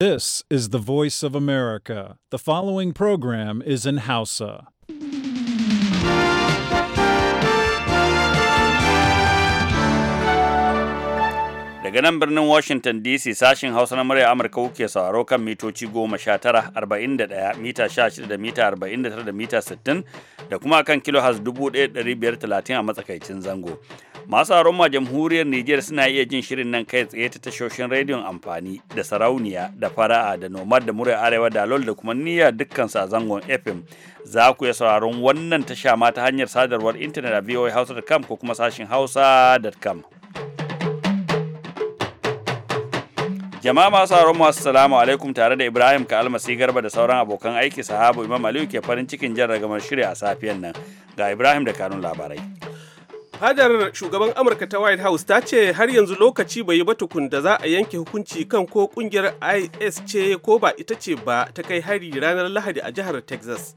This is the voice of America. The following program is in Hausa. Daga nan birnin Washington DC sashin Hausa na murya Amurka kuke sauraro kan mitoci goma sha tara arba'in da ɗaya mita 16 da mita 49 da tara da mita 60 da kuma kan kilo has dubu ɗaya ɗari biyar talatin a matsakaicin zango. masu aroma jamhuriyar Nijar suna iya jin shirin nan kai tsaye ta tashoshin rediyon amfani da sarauniya da fara'a da nomad da murai arewa da lol da kuma niyya dukkan sa zangon FM za ku iya sauraron wannan tasha ma ta hanyar sadarwar intanet a voahausa.com ko kuma sashin hausa.com Jama'a masu sauraron wasu salamu alaikum tare da Ibrahim ka almasi garba da sauran abokan aiki sahabu Imam Aliyu ke farin cikin jan ragamar shirya a safiyan nan ga Ibrahim da kanun labarai. Hadar shugaban Amurka ta White House ta ce har yanzu lokaci bai yi ba tukun da za a yanke hukunci kan ko kungiyar IS ce ko ba ita ce ba ta kai hari ranar Lahadi a jihar Texas.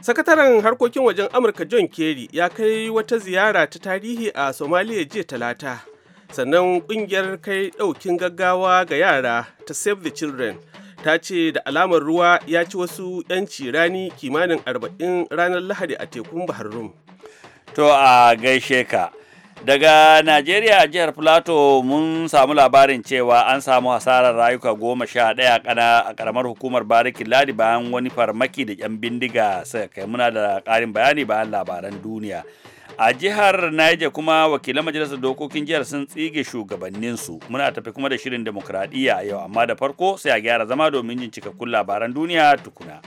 Sakataren harkokin wajen Amurka John Kerry ya kai wata ziyara ta tarihi a Somalia jiya talata. Sannan kungiyar kai ɗaukin gaggawa ga yara ta Save the Children ta ce da alamar ruwa ya ci wasu 'yanci rani kimanin 40 ranar Lahadi a tekun Bahar Rum. To a gaishe ka. Daga Najeriya a jihar plato mun samu labarin cewa an samu hasarar rayuka goma sha ɗaya a karamar hukumar barikin ladi bayan wani farmaki da 'yan bindiga suka kai muna da karin bayani bayan labaran duniya. a jihar Niger kuma wakilan majalisar dokokin jihar sun tsige shugabanninsu muna tafi kuma da shirin demokradiyya a yau amma da farko sai a gyara zama domin jin cikakkun labaran duniya tukuna.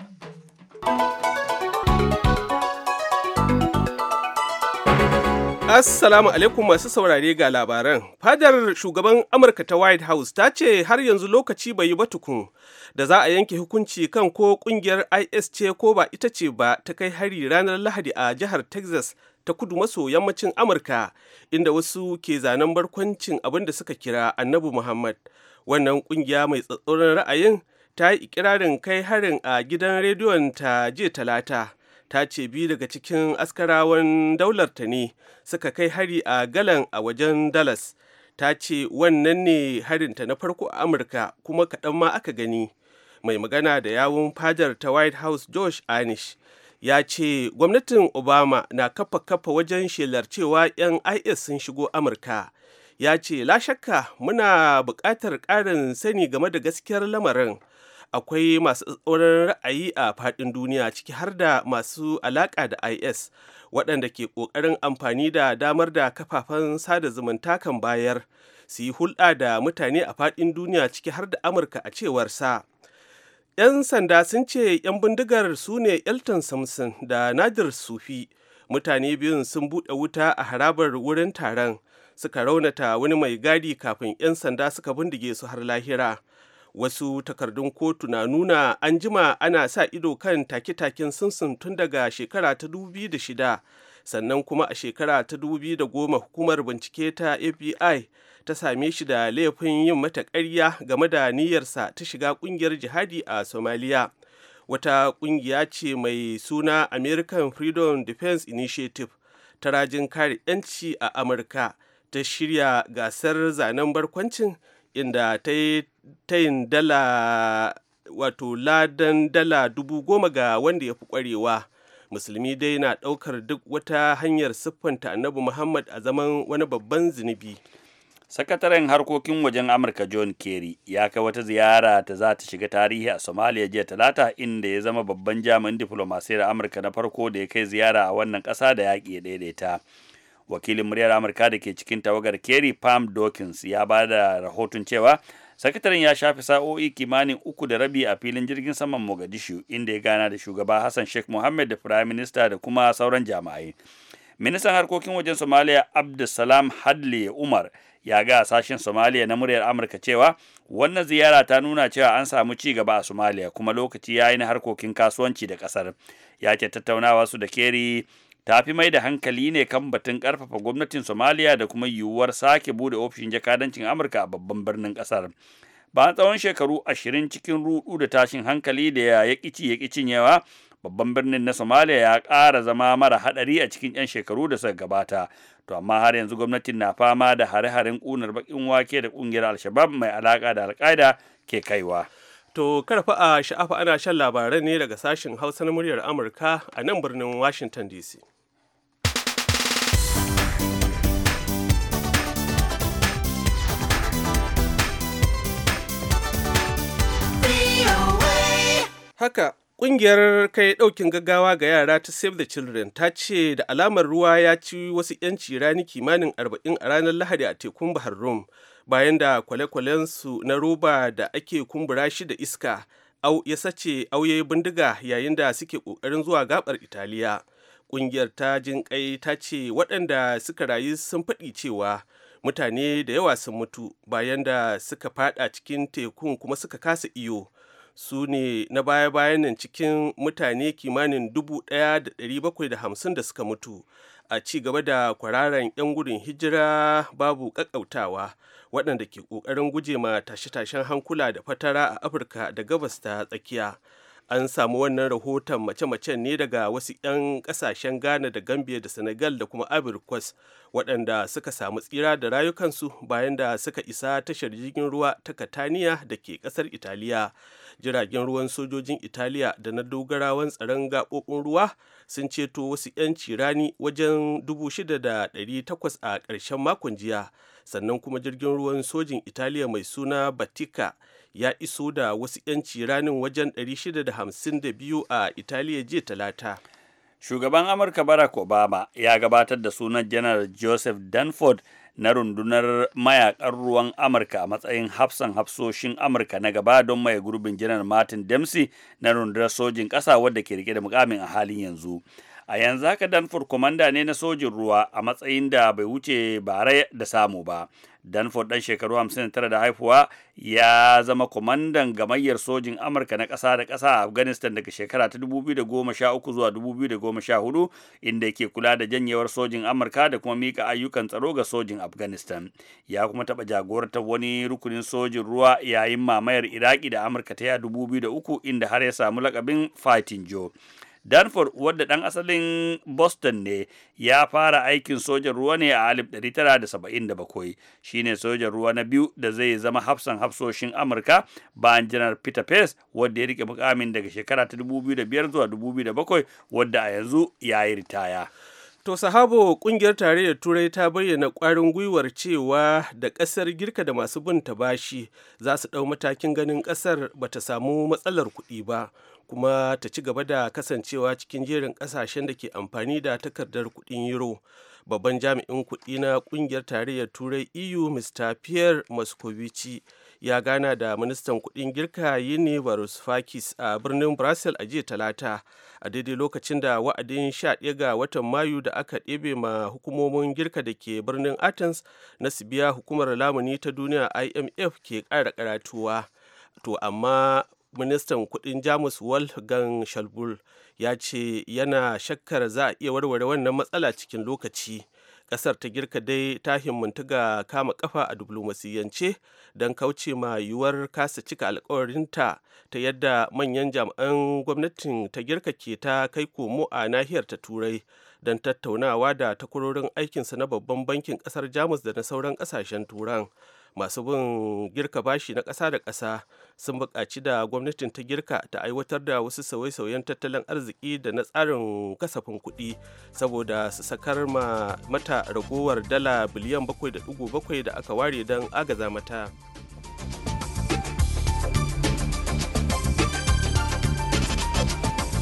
Assalamu alaikum masu saurare ga labaran. Fadar shugaban Amurka ta White House ta ce har yanzu lokaci bai yi ba tukun da za a yanke hukunci kan ko kungiyar IS ce ko ba ita ce ba ta kai hari ranar Lahadi a jihar Texas ta kudu maso yammacin Amurka inda wasu ke zanen barkwancin abin da suka kira Annabi Muhammad. Wannan kungiya mai tsatsauran ra'ayin ta yi ikirarin kai harin a gidan rediyon ta jiya talata. ta ce biyu daga cikin askarawan daularta ne suka kai hari a galan a wajen dallas ta ce wannan ne harinta na farko a amurka kuma kaɗan ma aka gani mai magana da yawun fadar ta white house josh anish ya ce gwamnatin obama na kafa kafa wajen shelar cewa 'yan is sun shigo amurka ya ce la shakka muna buƙatar ƙarin sani game da gaskiyar lamarin akwai masu tsoron ra'ayi a faɗin duniya ciki har da masu alaƙa da is waɗanda ke ƙoƙarin amfani da damar da kafafen sada zumunta kan bayar su yi hulɗa da mutane a faɗin duniya ciki har da amurka a cewar sa 'yan sanda sun ce 'yan bindigar su ne elton samson da nadir sufi mutane biyun sun buɗe wuta a harabar wurin taron suka raunata wani mai gadi kafin 'yan sanda suka bindige su har lahira wasu takardun kotu na nuna an jima ana sa ido kan take-taken sunsun tun daga shekara ta 2006 sannan kuma a shekara ta goma hukumar bincike ta fbi ta same shi da laifin yin mata ƙarya game da niyyarsa ta shiga ƙungiyar jihadi a Somalia wata ƙungiya ce mai suna american freedom defense initiative ta rajin kare 'yanci a amurka ta shirya gasar zanen barkwancin inda ta yi tayin dala wato ladan dala dubu goma ga wanda ya fi kwarewa musulmi dai na ɗaukar duk wata hanyar siffanta annabi muhammad a zaman wani babban zunubi sakataren harkokin wajen amurka john kerry ya kai wata ziyara ta za ta shiga tarihi a somalia jiya talata inda ya zama babban jami'in diflomasiyar amurka na farko da ya kai ziyara a wannan ƙasa da yaƙi ya daidaita wakilin muryar amurka da ke cikin tawagar kerry pam dawkins ya ba da rahoton cewa sakataren ya shafi sa'o'i kimanin uku da rabi a filin jirgin saman mogadishu inda ya gana da shugaba hassan sheikh mohammed da firayim minista da kuma sauran jama'ai ministan harkokin wajen somalia abdulsalam hadley umar ya ga sashen somalia na muryar amurka cewa wannan ziyara ta nuna cewa an samu ci gaba a somalia kuma lokaci ya yi na harkokin kasuwanci da kasar ya ce tattaunawa su da keri ta fi mai da hankali ne kan batun karfafa gwamnatin somaliya da kuma yiwuwar sake bude ofishin jakadancin amurka a babban birnin kasar ba tsawon shekaru ashirin cikin rudu da tashin hankali da ya yakici yakicin yawa babban birnin na somaliya ya kara zama mara hadari a cikin 'yan shekaru da suka gabata to amma har yanzu gwamnatin na fama da hare-haren kunar bakin wake da ƙungiyar al mai alaka da al ke kaiwa To karfa a sha'afa ana shan labarai ne daga sashen Hausa na muryar Amurka a nan birnin Washington DC. Haka Ƙungiyar kai ɗaukin gaggawa ga yara ta Save the Children ta ce da alamar ruwa ya ci wasu 'yanci rani kimanin arba'in a ranar Lahadi a tekun Bahar Rum bayan da kwale-kwalensu na roba da ake kumbura shi da iska au ya sace auye bindiga yayin da suke ƙoƙarin zuwa gabar Italiya. Ƙungiyar ta jin kai ta ce waɗanda suka rayu sun faɗi cewa mutane da yawa sun mutu bayan da suka faɗa cikin tekun kuma suka kasa iyo. su ne na baya-bayan nan cikin mutane kimanin 1,750 da suka mutu a ci gaba da kwararan 'yan gudun hijira babu ƙaƙƙautawa waɗanda ke ƙoƙarin guje ma tashe-tashen hankula da fatara a afirka da gabas ta tsakiya an samu wannan rahoton mace-macen ne daga wasu 'yan ƙasashen ghana da gambia da senegal da kuma abirkwas waɗanda suka samu tsira da rayukansu bayan da suka isa tashar jirgin ruwa ta kataniya da ke ƙasar italiya jiragen ruwan sojojin italiya da na dogarawan tsaron gaɓoɓin ruwa sun ceto wasu 'yan cirani wajen 6,800 a ƙarshen makon jiya sannan kuma jirgin ruwan sojin italiya mai suna batika ya iso da wasu 'yan ciranin wajen 652 a italiya jiya talata shugaban amurka barack obama ya gabatar da sunan janar joseph danford na rundunar mayakan ruwan amurka a matsayin hafsan hafsoshin amurka na gaba don mai gurbin janar martin dempsey na rundunar sojin ƙasa wadda ke rike da mukamin a halin yanzu a yanzu haka danford kwamanda ne na sojin ruwa a matsayin da bai wuce bare da samu ba danford dan shekaru 59 da haifuwa ya zama kwamandan gamayyar sojin amurka na ƙasa da ƙasa a afghanistan daga shekara ta 2013 zuwa 2014 inda yake kula da janyewar sojin amurka da kuma mika ayyukan tsaro ga sojin afghanistan ya kuma taɓa jagorantar wani rukunin sojin ruwa yayin mamayar iraki da amurka ta ya 2003 inda har ya samu lakabin fighting joe Danford wadda ɗan asalin Boston ne ya fara aikin sojan ruwa ne a 1977 shine sojan ruwa na biyu da zai zama hafsan hafsoshin Amurka bayan janar Peter Pace wadda ya rike mukamin daga shekara ta 2005 zuwa 2007 wadda a yanzu ya yi ritaya. To sahabo kungiyar tarayyar turai ta bayyana kwarin gwiwar cewa da ƙasar girka da masu bin ta bashi za su ɗau matakin ganin kasar bata samu matsalar kuɗi ba kuma ta ci gaba da kasancewa cikin jerin kasashen da ke amfani da takardar kudin euro babban jami'in kudi na kungiyar tarayyar turai eu mr pierre moscovici ya gana da ministan kudin girka yini Fakis, a birnin brussels a jiya talata a daidai lokacin da wa'adin sha ɗaya ga watan mayu da aka ɗebe ma hukumomin girka da ke birnin athens na biya hukumar lamuni ta duniya imf ke ƙara karatuwa to amma ministan kudin jamus wolfgang shalbul ya ce yana shakkar za a iya warware wannan matsala cikin lokaci kasar ta girka dai ta himmantu ga kama kafa a diplomasiyance don kauce ma yiwuwar kasa cika alkawarinta ta yadda manyan jami'an gwamnatin ta girka ke ta kai komo a nahiyar ta turai don tattaunawa da takwarorin aikinsa na babban bankin kasar jamus da na sauran kasashen turan masu bin girka bashi na ƙasa da ƙasa sun buƙaci da gwamnatin ta girka ta aiwatar da wasu sauye-sauyen tattalin arziki da na tsarin kasafin kuɗi saboda su sakar ma mata ragowar dala biliyan 7.7 da aka ware don agaza mata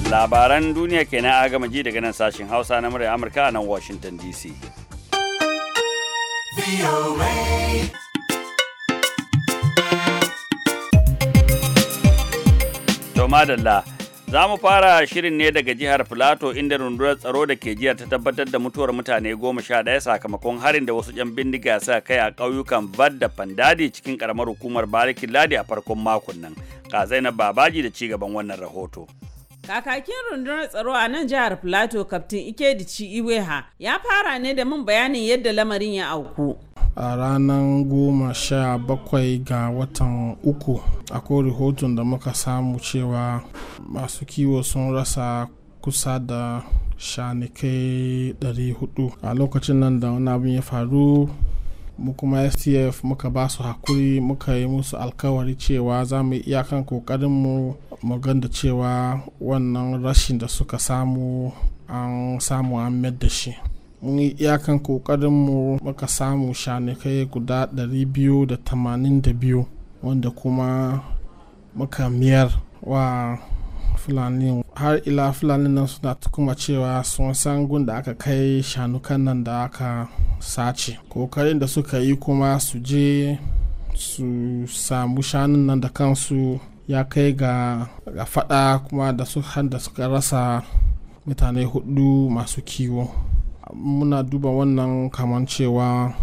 labaran duniya kenan agama ji daga nan sashen hausa na murya amurka a nan washington dc To madalla. Za mu fara shirin ne daga jihar Filato inda rundunar tsaro da ke jiya ta tabbatar da mutuwar mutane goma sha ɗaya sakamakon harin da wasu ‘yan bindiga sa kai a ƙauyukan bad da Fandadi cikin ƙaramar hukumar Barikin Ladi a farkon makon nan. Ka Babaji da cigaban wannan rahoto. Kakakin rundunar tsaro a nan jihar Filato Kaftin Ikedici Iweha ya fara ne da mun bayanin yadda lamarin ya auku. a ranar goma sha bakwai ga watan uku akwai rahoton da muka samu cewa masu kiwo sun rasa kusa da shanikai 400 a lokacin nan da wani abin ya faru mu kuma stf muka ba su hakuri muka yi musu alkawari cewa za mu kan kokarinmu mu ganda cewa wannan rashin da suka samu an samu an da shi mun yi iyakan mu muka samu shanikai guda 282 wanda kuma muka miyar wa fulani har ila fulani nan suna kuma cewa sun san gun da aka kai shanukan nan da aka sace kokarin da suka yi kuma su je su samu shanun nan da kansu ya kai ga fada kuma da suka rasa mutane hudu masu kiwo muna duba wannan kamar cewa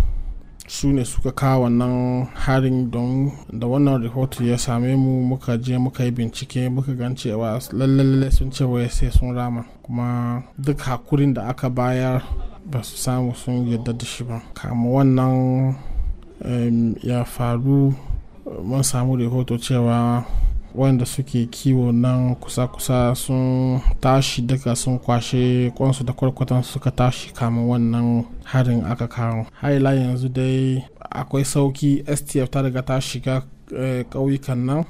su ne suka kawo wannan harin don da wannan rahoto ya same mu muka je muka yi bincike muka gan cewa lalle sun ce ya sai sun rama kuma duk hakurin da aka bayar ba su samu sun yarda da shi ba kama wannan ya faru mun samu rahoto cewa wanda suke kiwo nan kusa-kusa sun tashi daga sun kwashe kwansu da kwarkwatan suka tashi kama wannan harin aka kawo haila yanzu dai akwai sauki stf ta riga ta shiga eh, ƙauyukan nan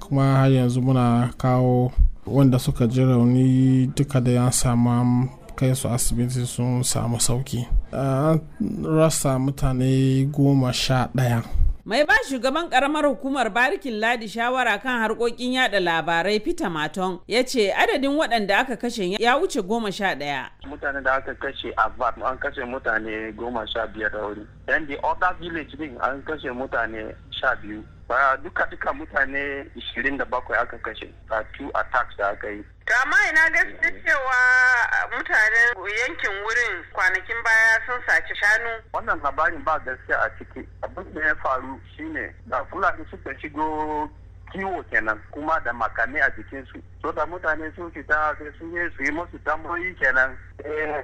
kuma har yanzu muna kawo wanda suka ji rauni duka da 'yan samu kai su asibiti sun samu sauki an rasa mutane goma sha ɗaya Mai ba shugaban karamar hukumar barikin ladi shawara kan harkokin yada labarai Peter Maton ya ce adadin waɗanda aka kashe ya wuce goma sha ɗaya. Mutane da aka kashe a VAT an kashe mutane goma sha biyar da wuri. Yan the other village din an kashe mutane sha biyu. ba duka duka mutane 27 aka kashe a two attacks da aka yi to amma ina gaske mm. cewa ah, mutanen yankin wurin kwanakin baya sun saci shanu wannan labarin ba gaske a ciki abin da ya faru shine da fulani suka shigo kiwo kenan kuma da makami a jikinsu so da mutane sun fita sai sun yi su yi musu tambayoyi kenan eh,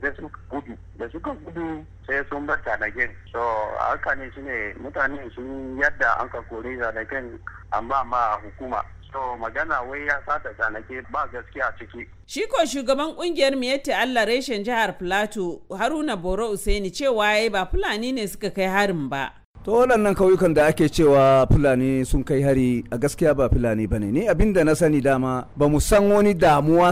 sai su gudu da suka gudu sai sun bar tanagen so haka ne shine mutane sun yadda an ka kori an ba ma hukuma so magana wai ya sata tanake ba gaskiya ciki. Shi ko shugaban kungiyar miyatti Allah reshen jihar Plateau Haruna Boro Usaini cewa yayi ba Fulani ne suka kai harin ba. to waɗannan kauyukan da ake cewa fulani sun kai hari a gaskiya ba fulani bane ni abin da na sani dama ba mu san wani damuwa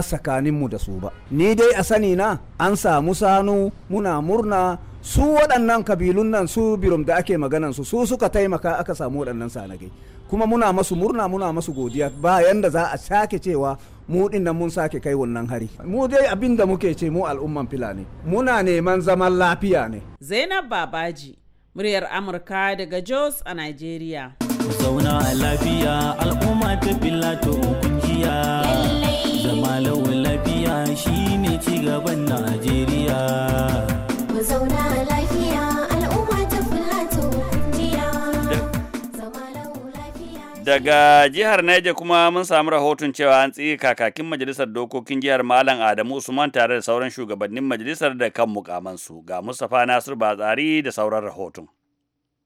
mu da su ba ni dai a sani na an samu sanu muna murna su waɗannan kabilun nan su birum da ake maganan su su suka taimaka aka samu waɗannan sanagai kuma muna masu murna muna masu godiya bayan da za a sake cewa mu din nan mun sake kai wannan hari mu dai abin da muke ce mu al'umman fulani muna neman zaman lafiya ne zainab babaji muryar amurka daga jos a nigeria zauna a lafiya al'umma ta filato kungiya zama lawan lafiya shine cigaban najeriya zauna Daga jihar Niger kuma mun samu rahoton cewa an tsige kakakin majalisar dokokin jihar Malam Adamu Usman tare da sauran shugabannin majalisar da kan mukamansu ga Mustapha Nasir Batsari da sauran rahoton.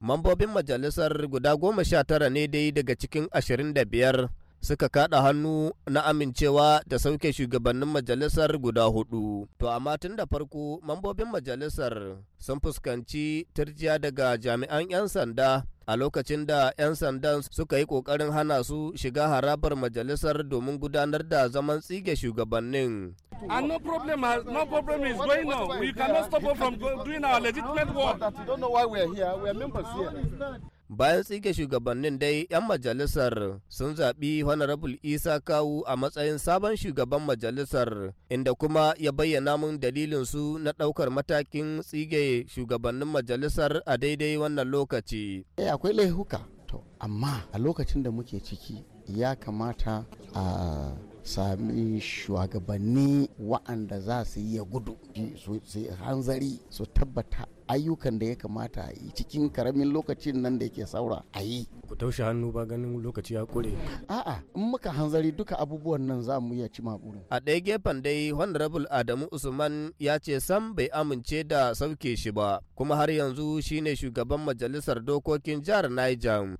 Mambobin majalisar guda goma sha tara ne dai daga cikin ashirin da biyar suka kada hannu na amincewa da sauke shugabannin majalisar guda hudu. To amma tun da farko mambobin majalisar sun fuskanci turjiya daga jami'an 'yan sanda a lokacin da 'yan sandan suka yi kokarin hana su shiga harabar majalisar domin gudanar da zaman tsige shugabannin. And no problem has, no problem is going on. We cannot stop from doing our legitimate work. You don't know why we are here. We are members here. bayan tsige shugabannin dai 'yan majalisar sun zaɓi honorable isa kawu a matsayin sabon shugaban majalisar inda kuma ya bayyana mun dalilin su na ɗaukar matakin tsige shugabannin majalisar a daidai wannan lokaci eh, akwai laihuka to amma a lokacin da muke ciki ya kamata a sami shugabanni wa'anda za su yi ya gudu su hanzari su tabbata ayyukan da ya kamata a yi cikin karamin lokacin nan da yake saura a yi. Ku taushe hannu ba ganin lokaci ya kure. A'a, in muka hanzari duka abubuwan nan za mu iya cima burin. A ɗaya gefen dai Honorable Adamu Usman ya ce sam bai amince da sauke shi ba, kuma har yanzu shine shugaban majalisar dokokin jihar Niger.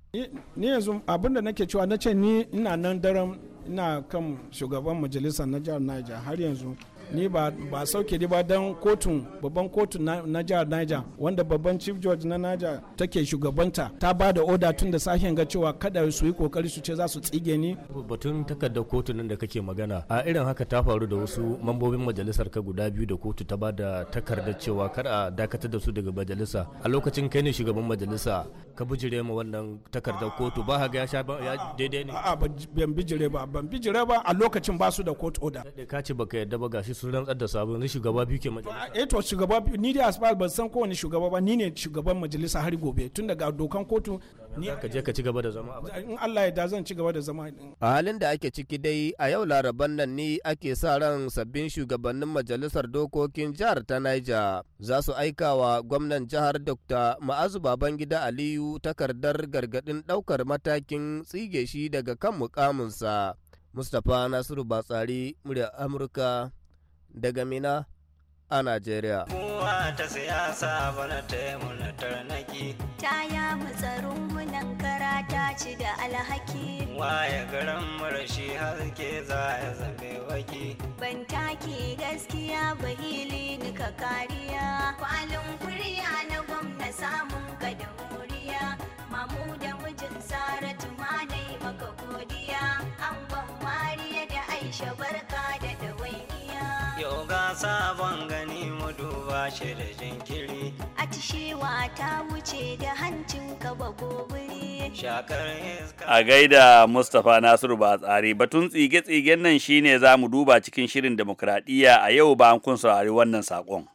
Ni yanzu abin da nake cewa na ce ni ina nan daren ina kan shugaban majalisar na jihar Niger har yanzu ni ba ba sauke ni ba dan kotun babban kotun na, na jihar Niger wanda babban chief judge na Niger take shugabanta ta ba da oda tun da sahen ga cewa kada su yi kokari su ce za su tsige ni batun takarda kotun nan da kake magana a irin haka ta faru da wasu mambobin majalisar ka guda biyu da kotu ta ba da takardar cewa kar a dakatar da su daga majalisa a lokacin kai ne shugaban majalisa ka bijire ma wannan takardar kotu ba ga ya sha daidai ne a'a ban bijire ba ban bijire ba a lokacin ba su da court order ka ce baka yadda ba gashi sun rantsar da sabon yanzu shugaba biyu ke majalisa eh to shugaba biyu ni dai asbal ban san kowane shugaba ba ni ne shugaban majalisa har gobe tun daga dokan kotu ni ka je ka ci gaba da zama in Allah ya da zan ci gaba da zama a halin da ake ciki dai a yau laraban nan ne ake sa ran sabbin shugabannin majalisar dokokin jihar ta Niger za su aika wa gwamnan jihar Dr. Ma'azu Babangida Aliyu takardar gargadin daukar matakin tsige shi daga kan mukaminsa Mustapha Nasiru Batsari, murya Amurka daga Mina a Najeriya. Kowa ta siyasa bana ta yi muna tarnaki. Ta ya matsarin munan kara ta ci da alhaki. Waye garin marashi haske za ya zabe waki. Ban taki gaskiya ba hili ni ka kariya. Kwalin kuriya na gwamna samun kadin sabon gani mu duba shi da jinkiri tishewa ta wuce da hancin ka ba gobiri a gaida mustapha nasiru ba tsari batun tsige-tsigen nan shine za mu duba cikin shirin demokradiyya a yau ba an kun saurari wannan saƙon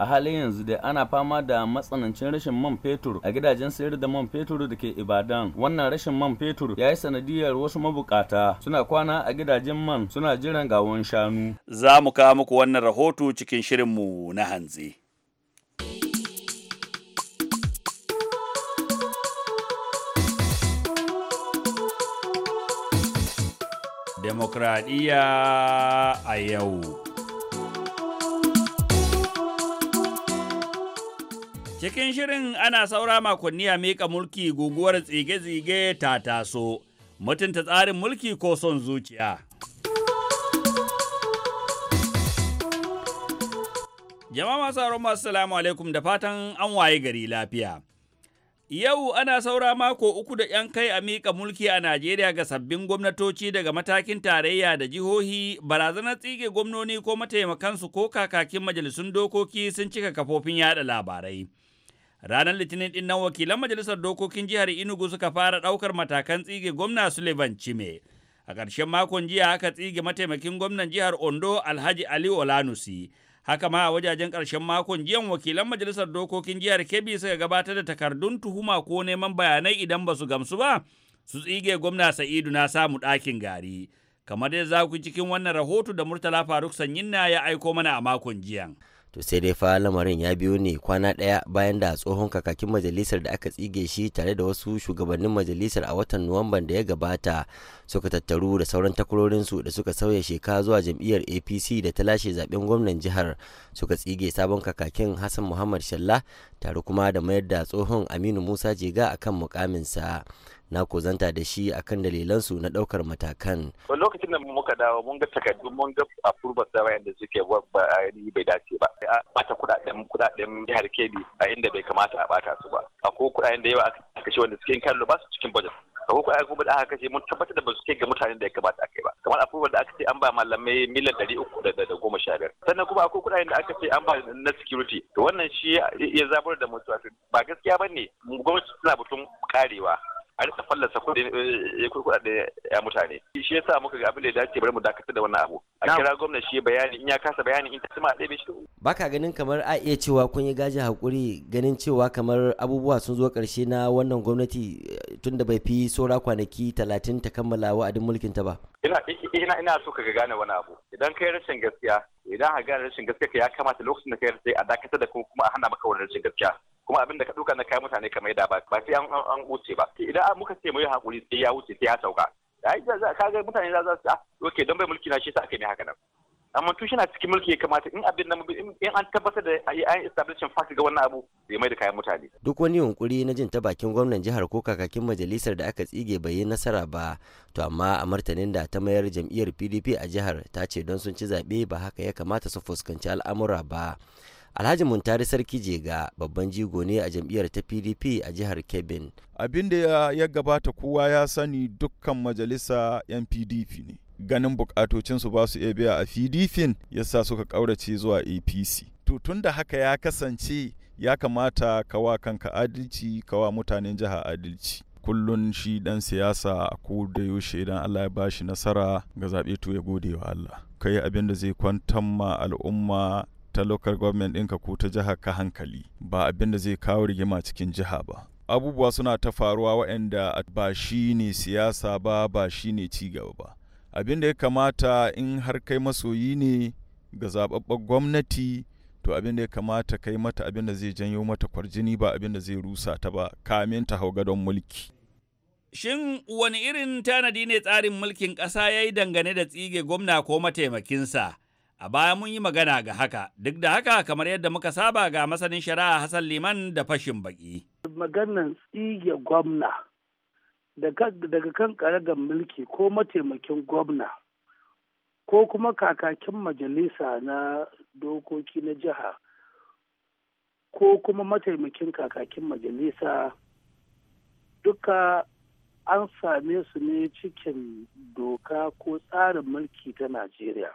a halin yanzu dai ana fama da matsanancin rashin man fetur a gidajen sayar da man fetur da ke ibadan wannan rashin man fetur ya yi sanadiyar wasu mabukata suna kwana a gidajen man suna jiran gawon shanu za mu kawo muku wannan rahoto cikin shirinmu na hanzi Demokradiyya a yau. Cikin shirin ana saura makonni a miƙa mulki guguwar tsige-tsige ta taso, mutunta tsarin mulki ko son zuciya. Jama'a masu aron masu salamu alaikum da fatan an waye gari lafiya. Yau ana saura mako uku da ‘yan kai a miƙa mulki a Najeriya ga sabbin gwamnatoci daga matakin tarayya da jihohi, barazanar tsige gwamnoni ko mataimakansu ko kakakin majalisun dokoki sun cika kafofin yada labarai. Ranar Litinin ɗin nan wakilan Majalisar Dokokin Jihar Enugu suka fara ɗaukar matakan tsige gwamna Suleiman Cime. A ƙarshen makon jiya aka tsige mataimakin gwamnan jihar Ondo Alhaji Ali Olanusi. Haka ma a wajajen ƙarshen makon jiyan wakilan Majalisar Dokokin Jihar Kebbi suka gabatar da takardun tuhuma ko neman bayanai idan ba su gamsu ba. su tsige gwamna sa'idu na samu ɗakin gari kamar yadda za ku cikin wannan rahoto da murtala faruk sanyinna ya aiko mana a makon jiya. to sai dai fa lamarin ya biyo ne kwana ɗaya bayan da tsohon kakakin majalisar da aka tsige shi tare da wasu shugabannin majalisar a watan nuwamban da ya gabata suka tattaru da sauran takwarorinsu da suka sauya sheka zuwa jam'iyyar apc da ta lashe zaben gwamnan jihar suka tsige sabon kakakin hassan muhammad shalla tare kuma da mayar da tsohon aminu musa jega akan mukaminsa na zanta da shi akan dalilansu na daukar matakan. lokacin da muka dawo mun ga takardun mun ga approval sama yadda da suke ba bai dace ba a bata kudaden kudaden jihar Kebbi a inda bai kamata a bata su ba akwai kudaden da yawa aka kashe wanda suke kallo ba su cikin budget akwai kudaden kuma da aka kashe mun tabbatar da ba su ke ga mutanen da ya kamata a kai ba kamar approval da aka ce an ba malamai miliyan ɗari uku da goma sha biyar sannan kuma akwai kudaden da aka ce an ba na security to wannan shi ya zabar da mutuwa ba gaskiya ba ne gwamnati suna butun karewa a rika fallasa eh, eh, kuɗaɗe ya mutane shi yasa muka ga abin da ya dace bari mu dakatar da wannan abu a kira gwamnati shi bayani in ya kasa bayani in ta tsima ɗaya bai shi baka ganin kamar a iya cewa kun yi gaji hakuri ganin cewa kamar abubuwa sun zo ƙarshe na wannan gwamnati eh, tunda bai fi saura kwanaki talatin ta kammala wa'adin mulkin ta ba ina ina so ka gane wani abu idan kai rashin gaskiya idan ka gane rashin gaskiya ya kamata lokacin da kai rashin a dakatar da kuma a hana maka wani rashin gaskiya kuma abin da ka ɗauka na kayan mutane kamar da ba ba sai an wuce ba idan muka ce mu yi hakuri sai ya wuce sai ya sauka ai ka ga mutane za su ah, okay don bai mulki na shi sa aka ne haka nan amma tun na cikin mulki ya kamata in abin nan in an tabbatar da an establishing fact ga wannan abu zai mai da kayan mutane duk wani yunkuri na jin ta bakin gwamnan jihar ko kakakin majalisar da aka tsige bai yi nasara ba to amma a martanin da ta mayar jam'iyyar PDP a jihar ta ce don sun ci zaɓe ba haka ya kamata su fuskanci al'amura ba alhaji muntari sarki jega babban jigo ne a jam'iyyar ta pdp a jihar kebin abin da ya gabata kowa ya sani dukkan majalisa yan pdp ne ganin bukatocinsu ba su iya biya a pdp yasa suka kaurace zuwa apc to tun da haka ya kasance ya kamata kawa kanka adalci kawa mutanen jiha adalci kullun shi dan siyasa ko da yaushe idan Allah ya bashi nasara ga zaɓe to ya gode wa Allah kai abin da zai kwantar ma al'umma ta local government ɗinka ko ta jiha ka hankali ba abin da zai kawo rigima cikin jiha ba abubuwa suna ta faruwa waɗanda ba shi ne siyasa ba ba shi ne cigaba ba abin da ya kamata in har kai masoyi ne ga zaɓaɓɓen gwamnati to abin da ya kamata kai mata abin da zai janyo mata kwarjini ba abin da zai rusa ta ba kamin ta hau gadon mulki Shin wani irin tanadi ne tsarin mulkin ƙasa ya yi dangane da tsige gwamna ko mataimakinsa? A baya mun yi magana ga haka, duk da haka kamar yadda muka saba ga masanin shari'a Hassan Liman da fashin baki. Maganan tsige gwamna daga kan karagar mulki ko mataimakin gwamna ko kuma kakakin majalisa na dokoki na jiha ko kuma mataimakin kakakin majalisa duka an same su ne cikin doka ko tsarin mulki ta Najeriya.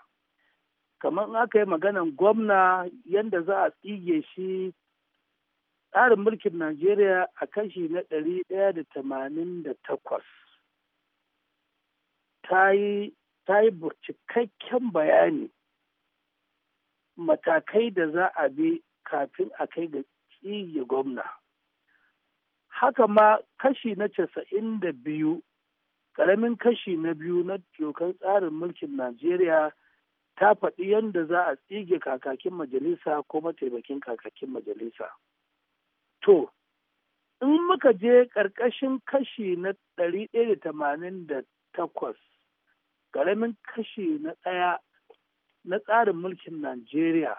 kamar in aka yi maganan gwamna yadda za a tsige shi tsarin mulkin najeriya a kashi na ɗari ɗaya da tamanin da takwas ta yi cikakken bayani matakai da za a bi kafin a kai ga tsige gwamna haka ma kashi na casa'in da biyu ƙaramin kashi na biyu na dokar tsarin mulkin najeriya ta faɗi yadda za a tsige kakakin majalisa ko mataimakin kakakin majalisa. To, in muka je ƙarƙashin kashi na ɗari ɗaya da tamanin da takwas, ƙaramin kashi na ɗaya na tsarin mulkin Najeriya,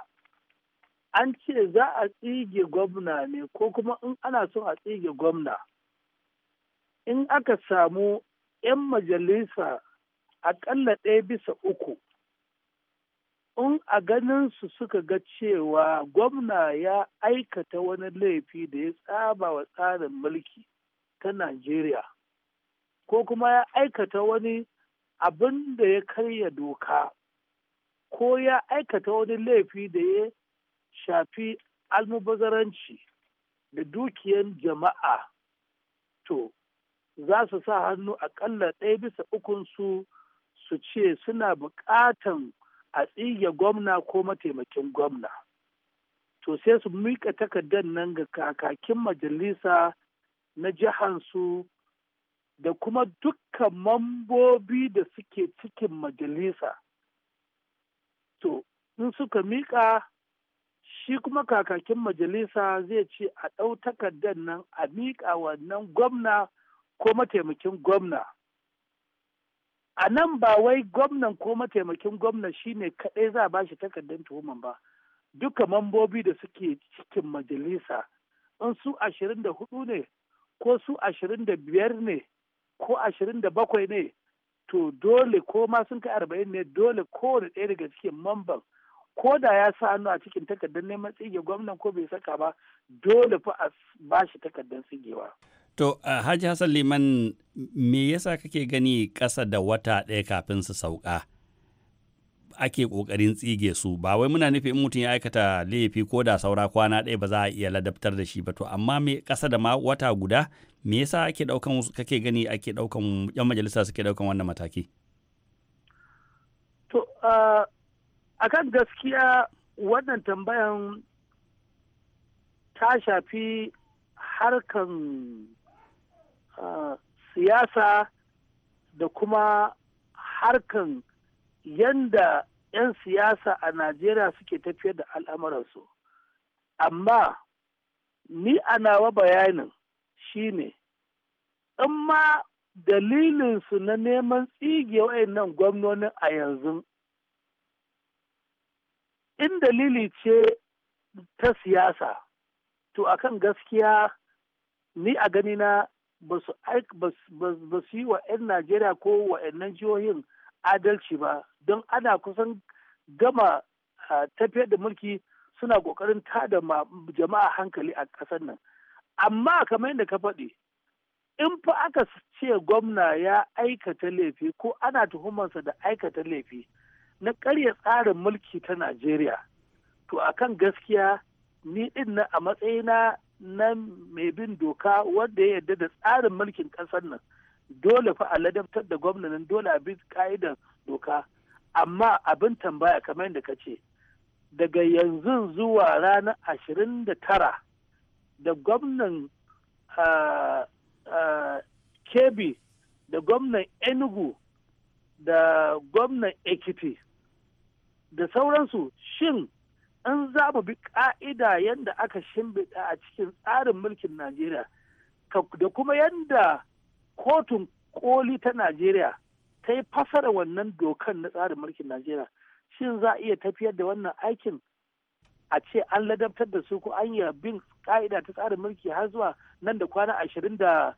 an ce za a tsige gwamna ne ko kuma in ana so a tsige gwamna. In aka samu ‘yan majalisa aƙalla ɗaya bisa uku in a ganin su suka ga cewa gwamna ya aikata wani laifi da ya tsaba wa tsarin mulki ta Najeriya ko kuma ya aikata wani abin da ya karya doka ko ya aikata wani laifi da ya shafi almubazaranci da dukiyan jama'a to za su sa hannu akalla ɗaya bisa ukunsu su ce suna buƙatan a tsige gwamna ko mataimakin gwamna to sai su miƙa takardar nan ga kakakin majalisa na jihansu da kuma dukkan mambobi da suke cikin majalisa to in suka miƙa shi kuma kakakin majalisa zai ce a ɗau takardar nan a miƙa wannan gwamna ko mataimakin gwamna a nan ba wai gwamnan ko mataimakin gwamna shine kaɗai za a ba shi takardar tuhuman ba duka mambobi da suke cikin majalisa in su ashirin da hudu ne ko su ashirin da biyar ne ko ashirin da bakwai ne to dole ko ma sun kai arba'in ne dole kowane ɗaya daga cikin mamban ko da ya sa hannu a cikin takardar neman tsige gwamnan ko bai saka ba dole fa a ba shi takardar tsigewa. To, uh, Hassan Liman, me yasa kake gani ƙasa da wata ɗaya kafin su sauka? Ake ƙoƙarin tsige su, ba wai muna nufi in mutum ya aikata laifi ko da saura kwana ɗaya ba za a iya ladabtar da shi ba, to amma me ƙasa da ma wata guda, me yasa ake ɗaukan kake gani ake ɗaukan 'yan majalisa suke ɗaukan wannan mataki? To, a kan gaskiya wannan tambayan ta shafi harkan siyasa da kuma harkan yanda 'yan siyasa a Najeriya suke tafiyar da al'amuransu. Amma ni a nawa bayanin shi ne, in ma dalilinsu na neman tsige wayannan gwamnoni a yanzu, in dalili ce ta siyasa, to akan gaskiya ni a ganina ba su yi wa 'yan Najeriya ko wa'annan jihohin adalci ba don ana kusan gama tafiyar da mulki suna ƙoƙarin tada jama'a hankali a ƙasar nan. Amma kamar yadda ka faɗi, in fa aka ce gwamna ya aikata laifi ko ana tuhumarsa da aikata laifi na karya tsarin mulki ta Najeriya, to akan gaskiya ni din na a matsayina na mai bin doka wanda ya yarda da tsarin mulkin ƙasar nan dole fa a ladabtar da gwamnanin dole a bi ka'idar doka amma abin tambaya kamar yadda ka ce daga yanzu zuwa ranar ashirin da tara da gwamnan kebi da gwamnan enugu da gwamnan ekiti da sauransu shin in za mu bi ƙa'ida yadda aka shimbiɗa a cikin tsarin mulkin Najeriya da kuma yadda kotun koli ta Najeriya ta yi fasara wannan dokan na tsarin mulkin Najeriya shin za a iya tafiyar da wannan aikin a ce an ladabtar da su ko an yi bin ƙa'ida ta tsarin mulki har zuwa nan da kwana ashirin da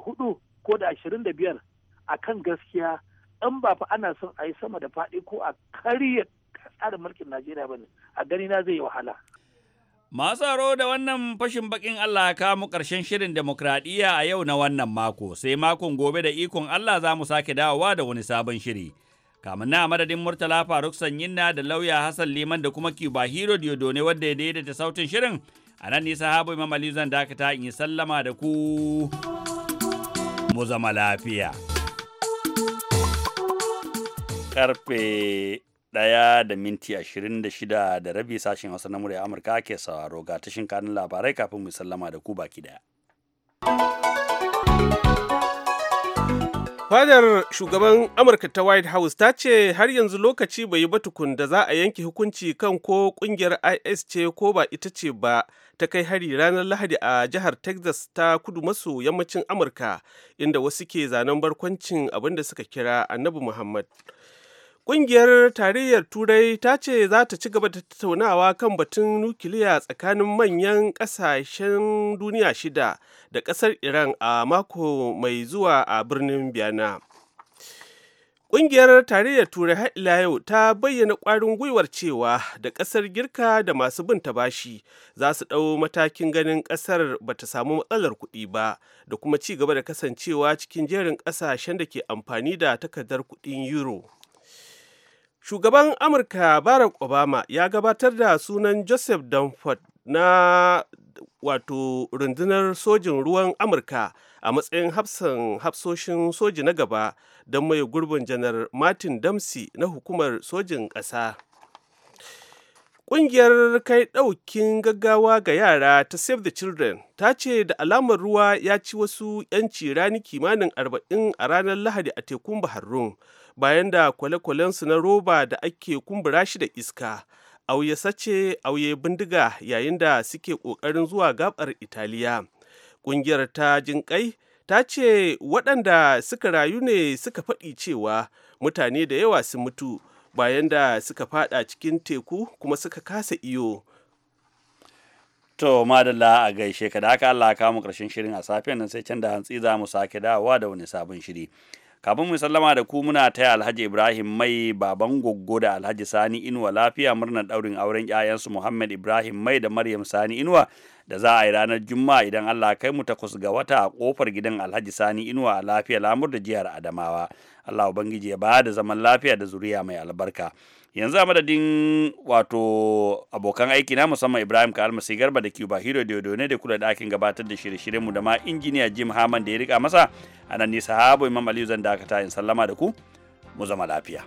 hudu ko da ashirin da biyar a kan gaskiya in ba fa ana son a yi sama da faɗi ko a karya tsarin mulkin Najeriya ne, a gani na zai yi wahala Masu tsaro da wannan fashin bakin Allah ya kamu ƙarshen shirin demokradiyya a yau na wannan mako, sai makon gobe da ikon Allah za mu sake dawowa da wani sabon shiri. Kamun na madadin Murtala Faruk Sanyinna da lauya Hassan Liman da kuma kiba Hero Diodone wadda ya daidaita sautin shirin, a nan nisa habu Imam Ali zan dakata in yi sallama da ku mu zama lafiya. Karfe ɗaya da minti ashirin da shida da rabi sashen hausa na murya amurka ke sauraro ga tashin kanin labarai kafin mu sallama da ku baki ɗaya. Fadar shugaban Amurka ta White House ta ce har yanzu lokaci bai yi ba tukun da za a yanke hukunci kan ko kungiyar IS ce ko ba ita ce ba ta kai hari ranar Lahadi a jihar Texas ta kudu maso yammacin Amurka inda wasu ke zanen barkwancin abinda suka kira Annabi Muhammad. Ƙungiyar Tarayyar Turai ta ce za ta ci gaba da tattaunawa kan batun nukiliya tsakanin manyan ƙasashen duniya shida da ƙasar Iran a mako mai zuwa a birnin Biyana. Ƙungiyar Tarayyar Turai har ila yau ta bayyana ƙwarin gwiwar cewa da ƙasar Girka da masu bin ta bashi za su ɗau matakin ganin ƙasar ba ta samu matsalar kuɗi ba da kuma ci gaba da kasancewa cikin jerin ƙasashen da ke amfani da takardar kuɗin Euro. shugaban amurka barack obama ya gabatar da sunan joseph dunford na wato rundunar sojin ruwan amurka a matsayin hafsan hafsoshin soji na gaba don mai gurbin janar martin damsi na hukumar sojin ƙasa Ƙungiyar kai ɗaukin gaggawa ga yara ta Save the Children ta ce da alamar ruwa ya ci wasu 'yanci rani kimanin arba'in a ranar Lahadi a tekun Baharrun bayan da kwale su na roba da ake kumbura shi da iska auye sace auye bindiga yayin da suke ƙoƙarin zuwa gabar italiya ƙungiyar ta jinƙai ta ce waɗanda suka rayu ne suka faɗi cewa mutane da yawa sun mutu bayan da suka fada cikin teku kuma suka kasa iyo To madalla a gaishe ka da haka Allah kawo mu karshen shirin a safiyan nan sai can da hantsi za mu sake dawowa da wani sabon shiri. kafin mu sallama da ku muna taya alhaji ibrahim mai baban goggo da alhaji sani inuwa lafiya murnar daurin auren 'ya'yansu muhammad ibrahim mai da maryam sani inuwa da za a yi ranar juma'a idan allah kai mu takwas ga wata a kofar gidan alhaji sani inuwa a lafiya lamur da jihar adamawa allah ubangiji ya ba da zaman lafiya da zuriya mai albarka yanzu a madadin wato abokan aiki na musamman ibrahim ka almasi garba da cuba hero da ne da kula da akin gabatar da shirye-shiryen mu da ma injiniya jim haman da ya rika masa a nan nisa habo imam aliyu zan dakata in sallama da ku mu zama lafiya.